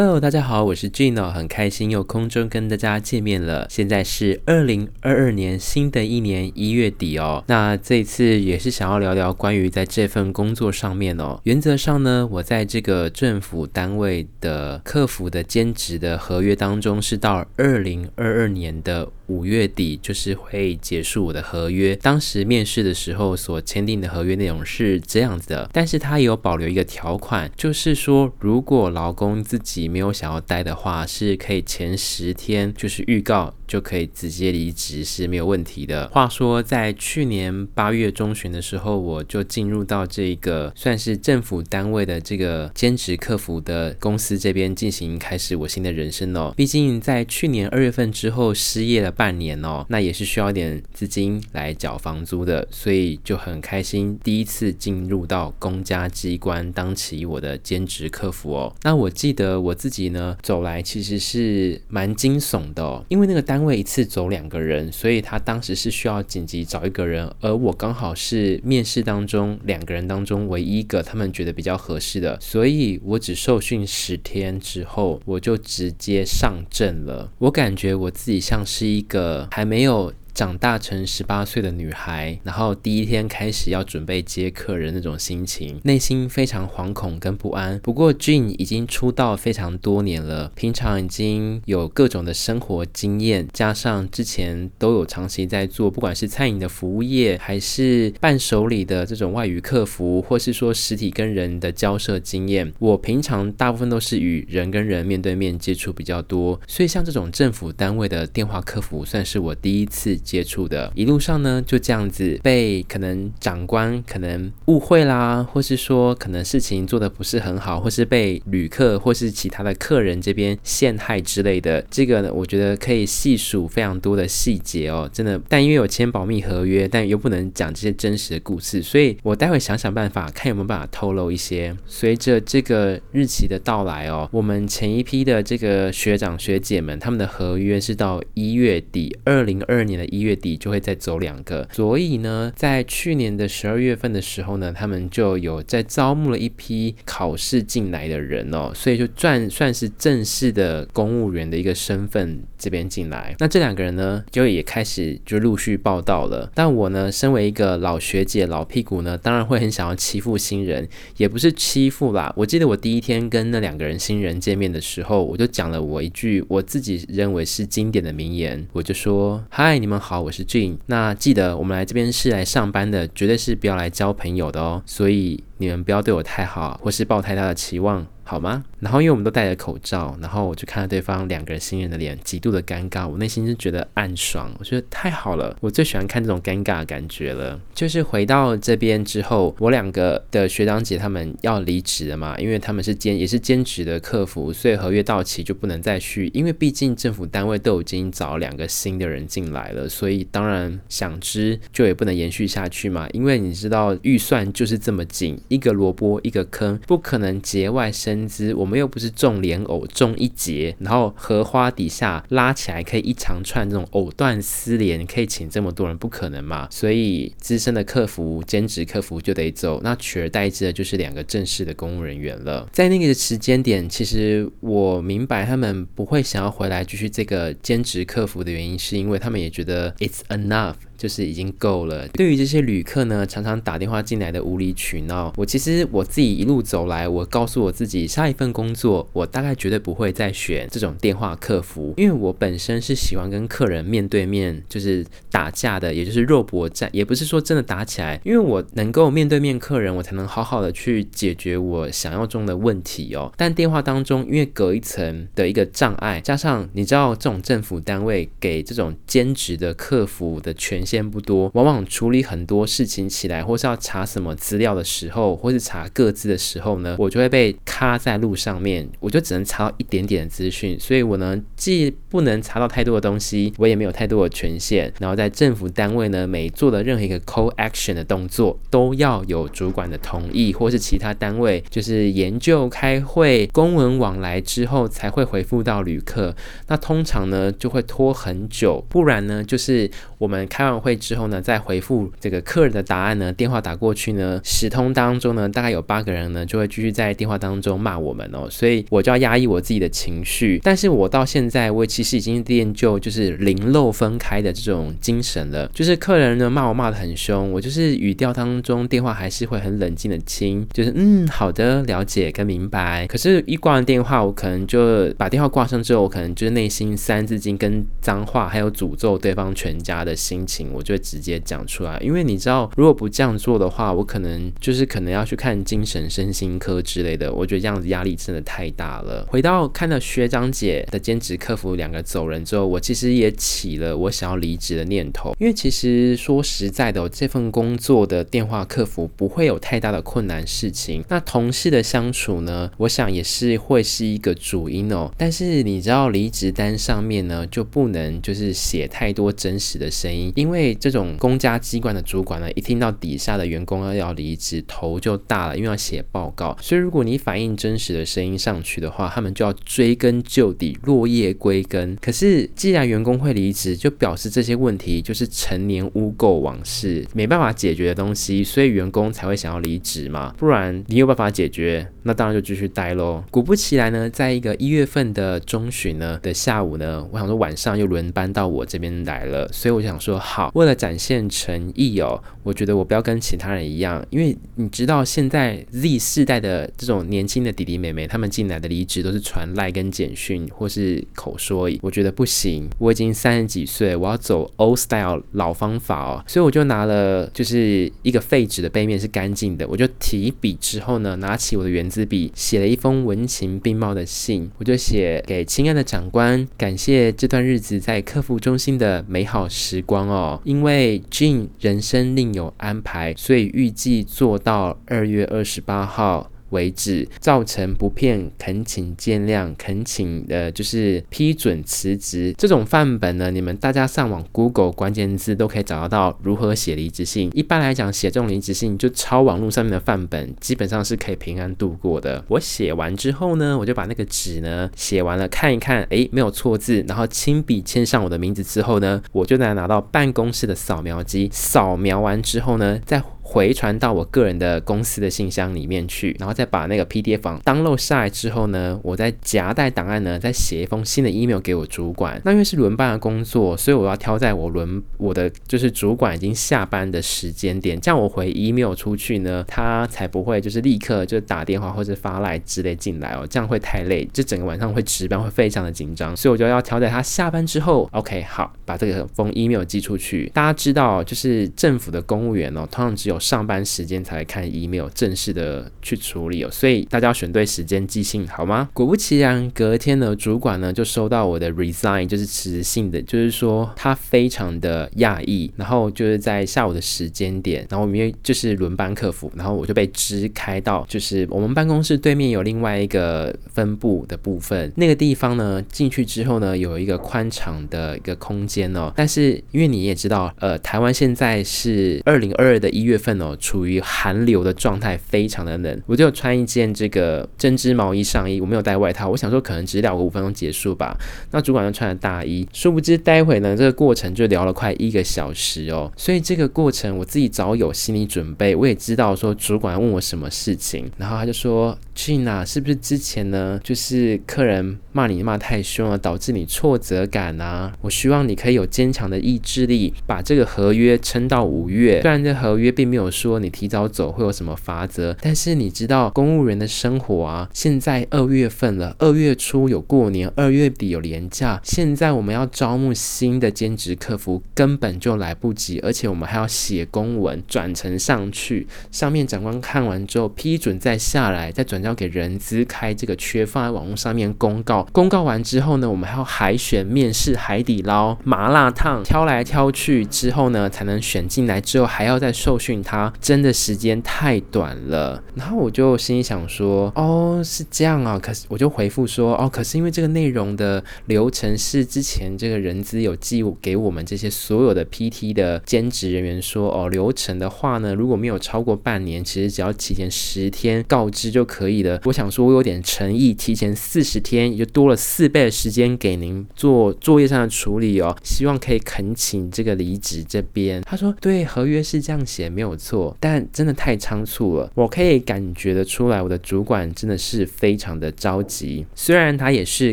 Hello，大家好，我是 Gene 很開心又空中跟大家見面了。現在是二零二二年新的一年一月底哦。那這次也是想要聊聊關於在這份工作上面哦。原則上呢，我在這個政府單位的客服的兼職的合約當中，是到二零二二年的五月底就是會結束我的合約。當時面試的時候所簽訂的合約內容是這樣子的，但是他有保留一個條款，就是說如果勞工自己沒有想要待的話，是可以前十天就是預告。就可以直接離職是沒有問題的。話說，在去年八月中旬的時候，我就進入到這個算是政府單位的這個兼職客服的公司這邊，進行開始我新的人生哦。畢竟在去年二月份之後失業了半年哦、喔，那也是需要點資金來繳房租的，所以就很開心，第一次進入到公家機關當起我的兼職客服哦、喔。那我記得我自己呢走來其實是蠻驚悚的、喔，因為那個單。因為一次走兩個人，所以他當時是需要緊急找一個人，而我剛好是面試當中兩個人當中唯一一個他們覺得比較合適的，所以我只受訓十天之後，我就直接上陣了。我感覺我自己像是一個還沒有。長大成十八歲的女孩，然後第一天開始要準備接客人那種心情，內心非常惶恐跟不安。不過，Gene 已經出道非常多年了，平常已經有各種的生活經驗，加上之前都有長期在做，不管是餐飲的服務業，還是伴手禮的這種外語客服，或是說實體跟人的交涉經驗。我平常大部分都是與人跟人面對面接觸比較多，所以像這種政府單位的電話客服，算是我第一次。接觸的，一路上呢就這樣子被可能長官可能誤會啦，或是說可能事情做得不是很好，或是被旅客或是其他的客人這邊陷害之類的，這個呢，我覺得可以細數非常多的細節哦，真的。但因為有簽保密合約，但又不能講這些真實的故事，所以我待會想想辦法，看有沒有辦法透露一些。隨着這個日期的到來哦，我們前一批的這個學長學姐們，他們的合約是到一月底，二零二二年的一。月底就會再走兩個，所以呢，在去年的十二月份的時候呢，他們就有在招募了一批考試進來的人哦、喔，所以就算算是正式的公務員的一個身份。這邊進來，那這兩個人呢就也開始就陸續報到了。但我呢，身為一個老學姐、老屁股呢，當然會很想要欺負新人，也不是欺負啦。我記得我第一天跟那兩個人新人見面的時候，我就講了我一句我自己認為是經典的名言，我就說：“嗨，你們好，我是俊。那記得我們來這邊是來上班的，絕對是不要來交朋友的哦。”所以。你們不要對我太好，或是抱太大的期望，好嗎？然後因為我們都戴着口罩，然後我就看到對方兩個人新人的臉，極度的尷尬。我內心是覺得暗爽，我覺得太好了，我最喜歡看這種尷尬的感覺了。就是回到這邊之後，我兩個的學長姐他們要離職了嘛，因為他們是兼也是兼職的客服，所以合約到期就不能再續。因為畢竟政府單位都已經找兩個新的人進來了，所以當然想知就也不能延續下去嘛。因為你知道預算就是這麼緊。一個蘿蔔一個坑，不可能節外生枝。我們又不是種蓮藕，種一節，然後荷花底下拉起來可以一長串，這種藕斷絲連可以請這麼多人，不可能嘛。所以資深的客服、兼職客服就得走，那取而代之的就是兩個正式的公務人員了。在那個時間點，其實我明白他們不會想要回來繼續這個兼職客服的原因，是因為他們也覺得 it's enough。就是已經夠了。對於這些旅客呢，常常打電話進來的無理取鬧，我其實我自己一路走來，我告訴我自己，下一份工作我大概絕對不會再選這種電話客服，因為我本身是喜歡跟客人面對面，就是打架的，也就是肉搏戰，也不是說真的打起來，因為我能夠面對面客人，我才能好好的去解決我想要中的問題哦。但電話當中，因為隔一層的一個障礙，加上你知道這種政府單位給這種兼職的客服的權限。先不多，往往處理很多事情起來，或是要查什麼資料的時候，或是查個資的時候呢，我就會被卡在路上面，我就只能查到一點點的資訊，所以我呢既，不能查到太多的東西，我也沒有太多的權限。然後在政府單位呢，每做的任何一個 call action 的動作，都要有主管的同意，或是其他單位就是研究、開會、公文往來之後，才會回復到旅客。那通常呢，就會拖很久。不然呢，就是我們開完會之後呢，再回復這個客人的答案呢，電話打過去呢，時通當中呢，大概有八個人呢，就會繼續在電話當中罵我們哦、喔。所以我就要壓抑我自己的情緒。但是我到現在為其其實已經練就就是零漏分開的這種精神了。就是客人呢罵我罵得很凶，我就是語調當中電話還是會很冷靜的聽，就是嗯，好的、了解跟明白。可是，一掛完電話，我可能就把電話掛上之後，我可能就是內心三字經跟髒話還有詛咒對方全家的心情，我就直接講出來。因為你知道，如果不這樣做的話，我可能就是可能要去看精神身心科之類的。我覺得這樣子壓力真的太大了。回到看到學長姐的兼職客服兩。兩個走人之後，我其實也起了我想要離職的念頭，因為其實說實在的，這份工作的電話客服不會有太大的困難事情。那同事的相處呢，我想也是會是一個主因哦。但是你知道，離職單上面呢就不能就是寫太多真實的聲音，因為這種公家機關的主管呢，一聽到底下的員工要要離職，頭就大了，因為要寫報告。所以如果你反映真實的聲音上去的話，他們就要追根究底，落葉歸根。可是，既然員工會離職，就表示這些問題就是陳年污垢往事，沒辦法解決的東西，所以員工才會想要離職嘛。不然你有辦法解決，那當然就繼續待嘍。果不其然呢，在一個一月份的中旬呢的下午呢，我想說晚上又輪班到我這邊來了，所以我想說好，為了展現誠意哦，我覺得我不要跟其他人一樣，因為你知道現在 Z 世代的這種年輕的弟弟妹妹，他們進來的離職都是傳賴跟簡訊或是口說。我覺得不行，我已經三十幾歲，我要走 old style 老方法哦，所以我就拿了就是一個廢紙的背面是乾淨的，我就提筆之後呢，拿起我的原子筆寫了一封文情並茂的信，我就寫給親愛的長官，感謝這段日子在客服中心的美好時光哦，因為 Gene 人生另有安排，所以預計做到二月二十八號。為止，造成不便，懇請見諒，懇請呃，就是批准辭職這種範本呢，你們大家上網 Google 關鍵字都可以找得到如何寫離職信。一般來講，寫這種離職信就抄網絡上面的範本，基本上是可以平安度過的。我寫完之後呢，我就把那個紙呢寫完了看一看，誒，沒有錯字，然後親筆簽上我的名字之後呢，我就拿來拿到辦公室的掃描機掃描完之後呢，再。回傳到我個人的公司的信箱裡面去，然後再把那個 PDF 當漏下來之後呢，我再夾帶檔案呢，再寫一封新的 email 給我主管。那因為是輪班的工作，所以我要挑在我輪我的就是主管已經下班的時間點，這樣我回 email 出去呢，他才不會就是立刻就打電話或者發來之類進來哦、喔，這樣會太累，就整個晚上會值班會非常的緊張，所以我就要挑在他下班之後。OK，好，把這個封 email 寄出去。大家知道，就是政府的公務員哦、喔，通常只有。上班時間才看 email，正式的去處理哦，所以大家要選對時間寄信好嗎？果不其然，隔天呢，主管呢就收到我的 resign，就是辭職信的，就是說他非常的訝異。然後就是在下午的時間點，然後因為就是輪班客服，然後我就被支開到，就是我們辦公室對面有另外一個分部的部分，那個地方呢，進去之後呢，有一個寬敞的一個空間哦。但是因為你也知道，呃，台灣現在是二零二二的一月份。處於寒流的狀態，非常的冷，我就有穿一件這個針織毛衣上衣，我沒有帶外套。我想說，可能只聊個五分鐘結束吧。那主管就穿了大衣，殊不知待會呢，這個過程就聊了快一個小時哦。所以這個過程我自己早有心理準備，我也知道說主管問我什麼事情，然後他就說：“Gene 吶，是不是之前呢，就是客人罵你罵太凶了，導致你挫折感啊？我希望你可以有堅強的意志力，把這個合約撐到五月。雖然這合約並沒有。”有說你提早走會有什麼罰則，但是你知道公務員的生活啊？現在二月份了，二月初有過年，二月底有年假。現在我們要招募新的兼職客服，根本就來不及，而且我們還要寫公文轉呈上去，上面長官看完之後批准再下來，再轉交給人資開這個缺，放在網絡上面公告。公告完之後呢，我們還要海選面試，海底撈、麻辣燙挑來挑去之後呢，才能選進來。之後還要再受訓。他真的時間太短了，然後我就心裡想說，哦，是這樣啊，可是我就回復說，哦，可是因為這個內容的流程是之前這個人資有寄給我們這些所有的 PT 的兼職人員說，哦，流程的話呢，如果沒有超過半年，其實只要提前十天告知就可以了。我想說，我有點誠意，提前四十天，也就多了四倍的時間給您做作業上的處理哦，希望可以懇請這個離職這邊。他說，對，合約是這樣寫，沒有。錯，但真的太倉促了。我可以感覺得出來，我的主管真的是非常的着急。雖然他也是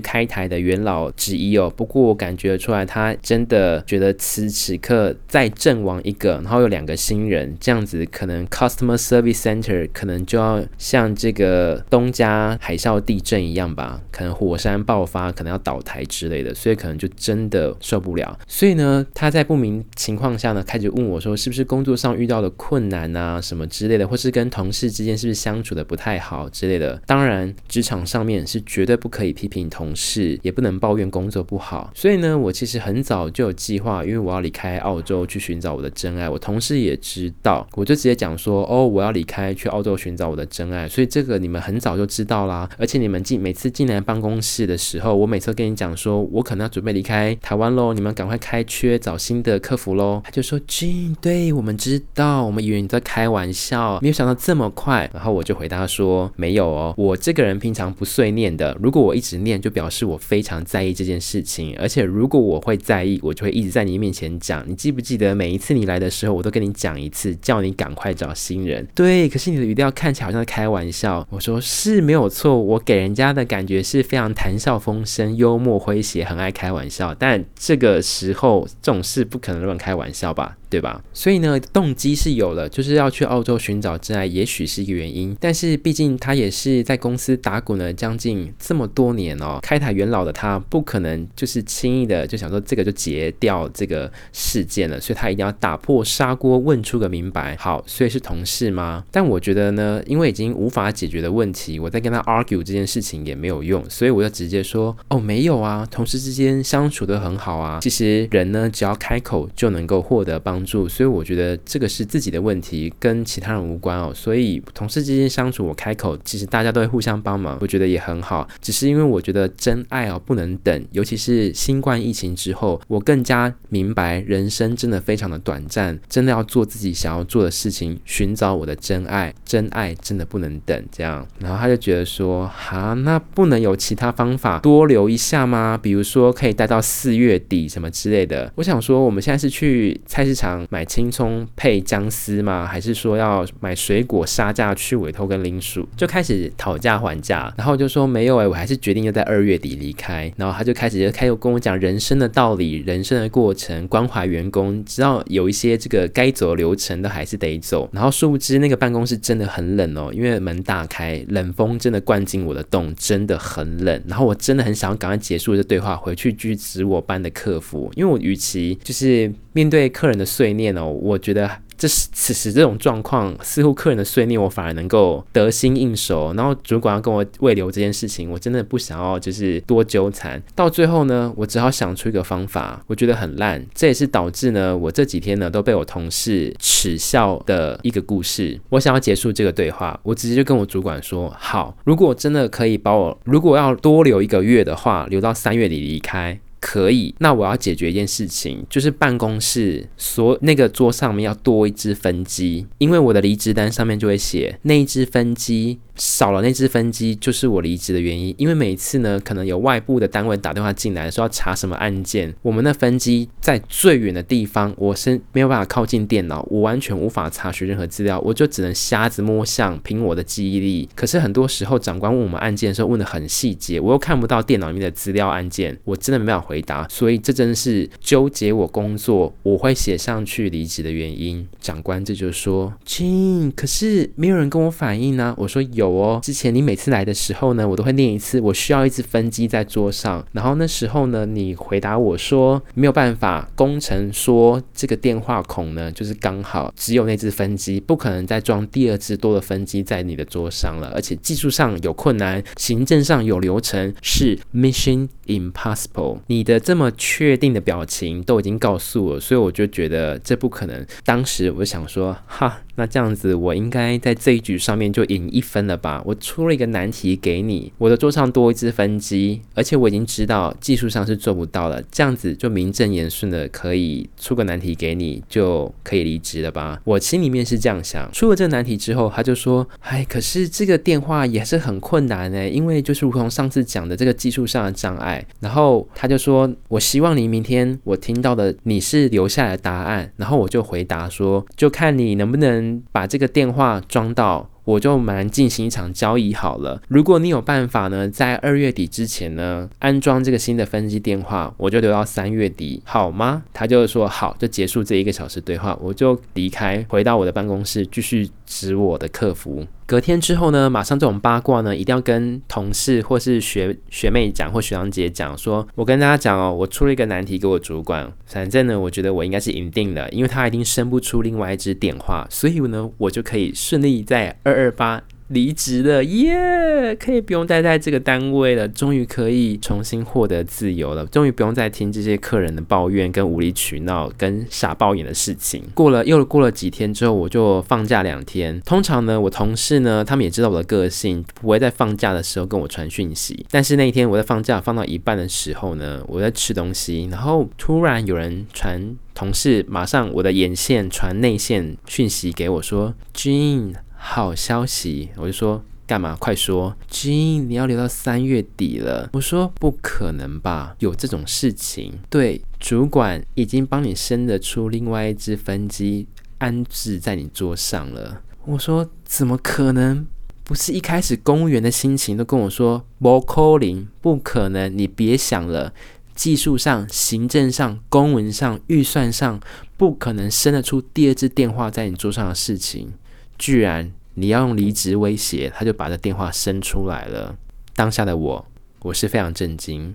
開台的元老之一哦，不過我感覺得出來，他真的覺得此此刻再陣亡一個，然後有兩個新人，這樣子可能 customer service center 可能就要像這個東家海嘯地震一樣吧，可能火山爆發，可能要倒台之類的，所以可能就真的受不了。所以呢，他在不明情況下呢，開始問我說，是不是工作上遇到的困。困難啊，什麼之類的，或是跟同事之間是不是相處得不太好之類的？當然，職場上面是絕對不可以批評同事，也不能抱怨工作不好。所以呢，我其實很早就有計劃，因為我要離開澳洲去尋找我的真愛。我同事也知道，我就直接講說：“哦，我要離開去澳洲尋找我的真愛。”所以這個你們很早就知道啦。而且你們進每次進來辦公室的時候，我每次跟你講說：“我可能要準備離開台灣嘍，你們趕快開缺找新的客服嘍。”他就說：“軍對，我們知道。”我以為你在開玩笑，沒有想到這麼快。然後我就回答說：“沒有哦，我這個人平常不碎念的。如果我一直念，就表示我非常在意這件事情。而且如果我會在意，我就會一直在你面前講。你記不記得每一次你來的時候我，我都跟你講一次，叫你趕快找新人。對，可是你的語調看起來好像在開玩笑。”我說：“是沒有錯，我給人家的感覺是非常談笑風生、幽默詼諧、很愛開玩笑。但這個時候，這種事不可能亂開玩笑吧？”對吧？所以呢，動機是有了，就是要去澳洲尋找摯愛，也許是一個原因。但是畢竟他也是在公司打滾了將近這麼多年哦，開台元老的他不可能就是輕易的就想說這個就結掉這個事件了。所以他一定要打破砂鍋問出個明白。好，所以是同事嗎？但我覺得呢，因為已經無法解決的問題，我再跟他 argue 這件事情也沒有用，所以我就直接說，哦，沒有啊，同事之間相處得很好啊。其實人呢，只要開口就能夠獲得幫助。住，所以我覺得這個是自己的問題，跟其他人無關哦。所以同事之間相處，我開口，其實大家都會互相幫忙，我覺得也很好。只是因為我覺得真愛哦，不能等，尤其是新冠疫情之後，我更加明白人生真的非常的短暫，真的要做自己想要做的事情，尋找我的真愛。真愛真的不能等，這樣。然後他就覺得說，哈、啊，那不能有其他方法多留一下嗎？比如說可以待到四月底什麼之類的。我想說，我們現在是去菜市場。買青蔥配薑絲嗎？還是說要買水果殺價去委托跟零售？就開始討價還價，然後就說沒有哎、欸，我還是決定要在二月底離開。然後他就開始又開始跟我講人生的道理、人生的過程、關懷員工，知道有一些這個該走的流程都還是得走。然後殊不知那個辦公室真的很冷哦、喔，因為門大開，冷風真的灌進我的洞，真的很冷。然後我真的很想要趕快結束這對話，回去去指我班的客服，因為我與其就是。面對客人的碎念哦，我覺得這是此時這種狀況，似乎客人的碎念我反而能夠得心應手。然後主管要跟我慰留這件事情，我真的不想要，就是多糾纏。到最後呢，我只好想出一個方法，我覺得很爛，這也是導致呢我這幾天呢都被我同事恥笑的一個故事。我想要結束這個對話，我直接就跟我主管說：好，如果真的可以把我，如果要多留一個月的話，留到三月底離開。可以，那我要解決一件事情，就是辦公室所那個桌上面要多一支分機，因為我的離職單上面就會寫那一支分機。少了那支分機，就是我離職的原因。因為每次呢，可能有外部的單位打電話進來，說要查什麼案件，我們的分機在最遠的地方，我是沒有辦法靠近電腦，我完全無法查詢任何資料，我就只能瞎子摸象，憑我的記憶力。可是很多時候，長官問我們案件的時候，問的很細節，我又看不到電腦裡面的資料案件，我真的沒辦法回答。所以這真是糾結我工作，我會寫上去離職的原因。長官這就說，親，可是沒有人跟我反映呢、啊。我說有。有哦，之前你每次來的時候呢，我都會念一次。我需要一支分機在桌上，然後那時候呢，你回答我說沒有辦法。工程說這個電話孔呢，就是剛好只有那支分機，不可能再裝第二支多的分機在你的桌上了，而且技術上有困難，行政上有流程，是 mission impossible。你的這麼確定的表情都已經告訴我，所以我就覺得這不可能。當時我就想說，哈。那這樣子，我應該在這一局上面就贏一分了吧？我出了一個難題給你，我的桌上多一只分機，而且我已經知道技術上是做不到了，這樣子就名正言順的可以出個難題給你，就可以離職了吧？我心裡面是這樣想。出了這個難題之後，他就說：“哎，可是這個電話也是很困難耶，因為就是如同上次講的這個技術上的障礙。”然後他就說：“我希望你明天我聽到的你是留下來的答案。”然後我就回答說：“就看你能不能。”把這個電話裝到，我就蠻進行一場交易好了。如果你有辦法呢，在二月底之前呢，安裝這個新的分機電話，我就留到三月底，好嗎？他就說好，就結束這一個小時對話，我就離開，回到我的辦公室，繼續指我的客服。隔天之後呢，馬上這種八卦呢，一定要跟同事或是學學妹講，或學長姐講，說我跟大家講哦、喔，我出了一個難題給我主管，反正呢，我覺得我應該是贏定了，因為他一定生不出另外一支電話，所以呢，我就可以順利在二二八。離職了耶！Yeah! 可以不用待在這個單位了，終於可以重新獲得自由了。終於不用再聽這些客人的抱怨、跟無理取鬧、跟傻抱怨的事情。過了又過了幾天之後，我就放假兩天。通常呢，我同事呢，他們也知道我的個性，不會在放假的時候跟我傳訊息。但是那一天我在放假放到一半的時候呢，我在吃東西，然後突然有人傳同事，馬上我的眼線傳內線訊息給我說，Gene！好消息，我就說幹嘛？快說！Gene，你要留到三月底了。我說不可能吧？有這種事情？對，主管已經幫你生得出另外一支分機，安置在你桌上了。我說怎麼可能？不是一開始公務員的心情都跟我說，無可能不可能，你別想了。技術上、行政上、公文上、預算上，不可能生得出第二支電話在你桌上的事情。居然你要用離職威脅，他就把這電話伸出來了。當下的我，我是非常震驚。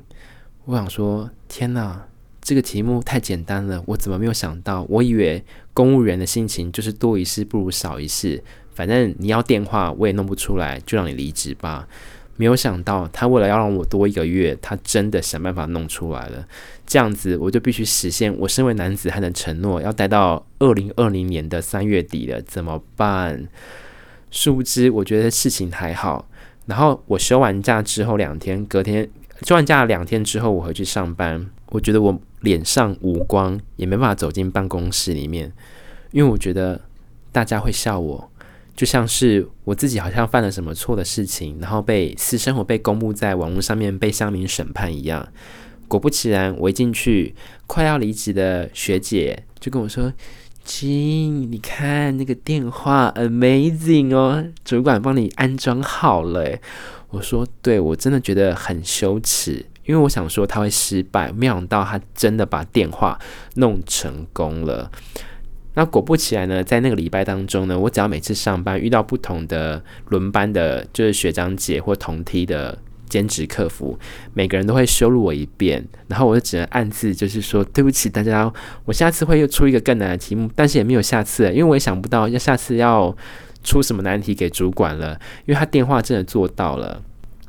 我想說，天哪，這個題目太簡單了，我怎麼沒有想到？我以為公務員的心情就是多一事不如少一事，反正你要電話我也弄不出來，就讓你離職吧。沒有想到，他為了要讓我多一個月，他真的想辦法弄出來了。這樣子，我就必須實現我身為男子漢的承諾，要待到二零二零年的三月底了，怎麼辦？殊不知，我覺得事情還好。然後我休完假之後兩天，隔天休完假了兩天之後，我回去上班，我覺得我臉上無光，也沒辦法走進辦公室裡面，因為我覺得大家會笑我。就像是我自己好像犯了什麼錯的事情，然後被私生活被公布在網絡上面，被鄉民審判一樣。果不其然，我一進去快要離職的學姐就跟我說：“金，你看那個電話，amazing 哦，主管幫你安裝好了、欸。”我說：“對，我真的覺得很羞恥，因為我想說他會失敗，沒想到他真的把電話弄成功了。”那果不其然呢，在那個禮拜當中呢，我只要每次上班遇到不同的輪班的，就是學長姐或同梯的兼職客服，每個人都會羞辱我一遍，然後我就只能暗自就是說，對不起大家，我下次會又出一個更難的題目，但是也沒有下次欸，因為我也想不到要下次要出什麼難題給主管了，因為他電話真的做到了，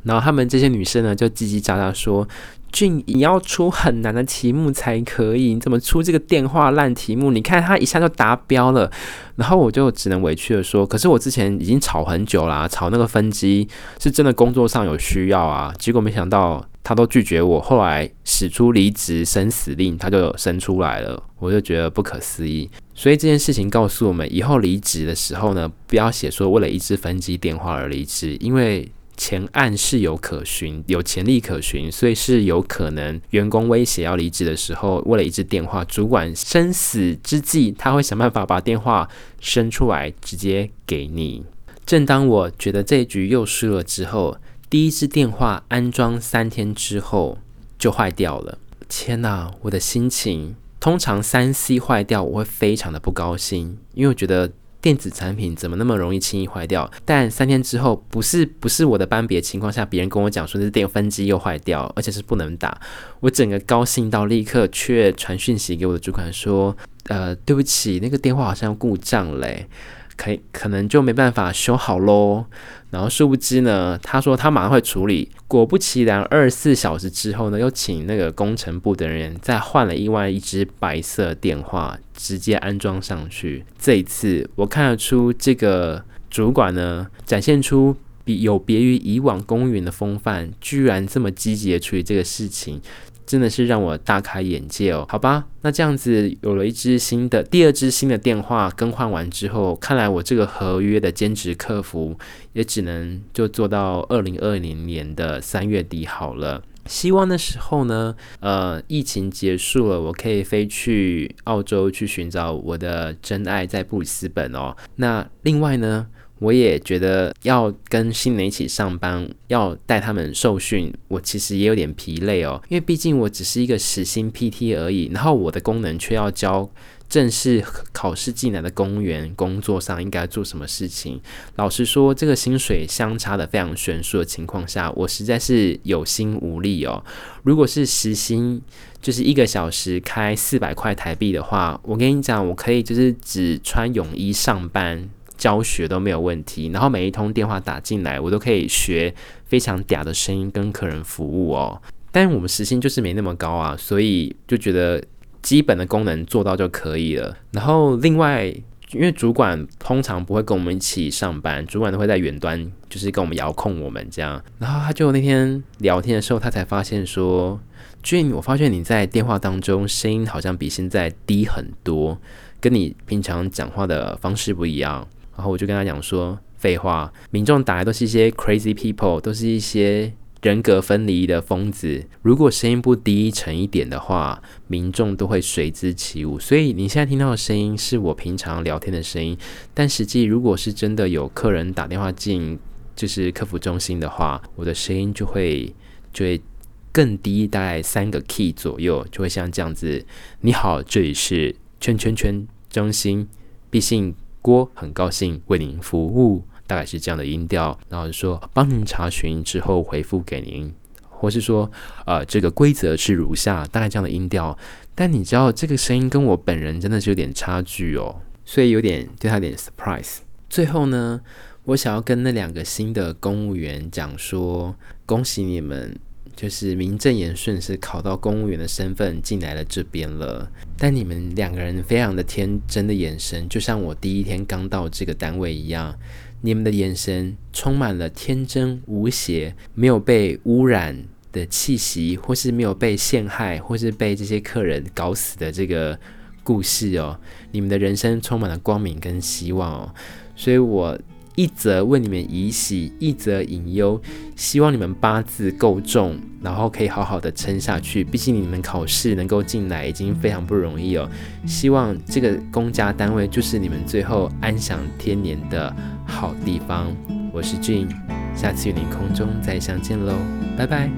然後他們這些女生呢，就嘰嘰喳喳說。俊，你要出很難的題目才可以，你怎麼出這個電話爛題目？你看他一下就達標了，然後我就只能委屈地說，可是我之前已經吵很久啦、啊，吵那個分機是真的工作上有需要啊，結果沒想到他都拒絕我，後來使出離職生死令，他就生出來了，我就覺得不可思議。所以這件事情告訴我們，以後離職的時候呢，不要寫說為了一支分機電話而離職，因為。前案是有可循，有前例可循，所以是有可能員工威脅要離職的時候，為了一支電話，主管生死之際，他會想辦法把電話伸出來，直接給你。正當我覺得這一局又輸了之後，第一支電話安裝三天之後就壞掉了。天哪、啊，我的心情通常三 C 壞掉，我會非常的不高興，因為我覺得。電子產品怎麼那麼容易輕易壞掉？但三天之後，不是不是我的班別情況下，別人跟我講說，那是電分機又壞掉，而且是不能打。我整個高興到立刻，卻傳訊息給我的主管說，呃，對不起，那個電話好像故障嘞。可可能就沒辦法修好嘍，然後殊不知呢，他說他馬上會處理，果不其然，24小時之後呢，又請那個工程部的人再換了另外一隻白色電話，直接安裝上去。這一次我看得出這個主管呢，展現出比有別於以往公務員的風範，居然這麼積極地處理這個事情。真的是讓我大開眼界哦，好吧，那這樣子有了一支新的、第二支新的電話更換完之後，看來我這個合約的兼職客服也只能就做到二零二零年的三月底好了。希望那時候呢，呃，疫情結束了，我可以飛去澳洲去尋找我的真愛，在布里斯本哦。那另外呢，我也覺得要跟新人一起上班，要帶他們受訓，我其實也有點疲累哦。因為畢竟我只是一個時薪 PT 而已，然後我的功能卻要教正式考試進來的公務員工作上應該做什麼事情。老實說，這個薪水相差得非常懸殊的情況下，我實在是有心無力哦。如果是時薪，就是一個小時開四百塊台幣的話，我跟你講，我可以就是只穿泳衣上班。教學都沒有問題，然後每一通電話打進來，我都可以學非常嗲的聲音跟客人服務哦。但我們時薪就是沒那麼高啊，所以就覺得基本的功能做到就可以了。然後另外，因為主管通常不會跟我們一起上班，主管都會在遠端，就是跟我們遙控我們這樣。然後他就那天聊天的時候，他才發現說：“Gene，我發現你在電話當中聲音好像比現在低很多，跟你平常講話的方式不一樣。”然後我就跟他講說：“廢話，民眾打的都是一些 crazy people，都是一些人格分離的瘋子。如果聲音不低沉一點的話，民眾都會隨之起舞。所以你現在聽到的聲音是我平常聊天的聲音。但實際如果是真的有客人打電話進就是客服中心的話，我的聲音就會就會更低，大概三個 key 左右，就會像這樣子。你好，這裡是圈圈圈中心，敝姓。郭，很高興為您服務，大概是這樣的音調，然後說幫您查詢之後回復給您，或是說啊，呃，這個規則是如下，大概這樣的音調。但你知道這個聲音跟我本人真的是有點差距哦，所以有點對他有點 surprise。最後呢，我想要跟那兩個新的公務員講說，恭喜你們。就是名正言順是考到公務員的身份進來了這邊了，但你們兩個人非常的天真的眼神，就像我第一天剛到這個單位一樣，你們的眼神充滿了天真無邪，沒有被污染的氣息，或是沒有被陷害，或是被這些客人搞死的這個故事哦，你們的人生充滿了光明跟希望哦，所以我。一則為你們以喜，一則以憂。希望你們八字夠重，然後可以好好的撐下去。畢竟你們考試能夠進來已經非常不容易哦。希望這個公家單位就是你們最後安享天年的好地方。我是 Gene，下次與你空中再相見嘍，拜拜。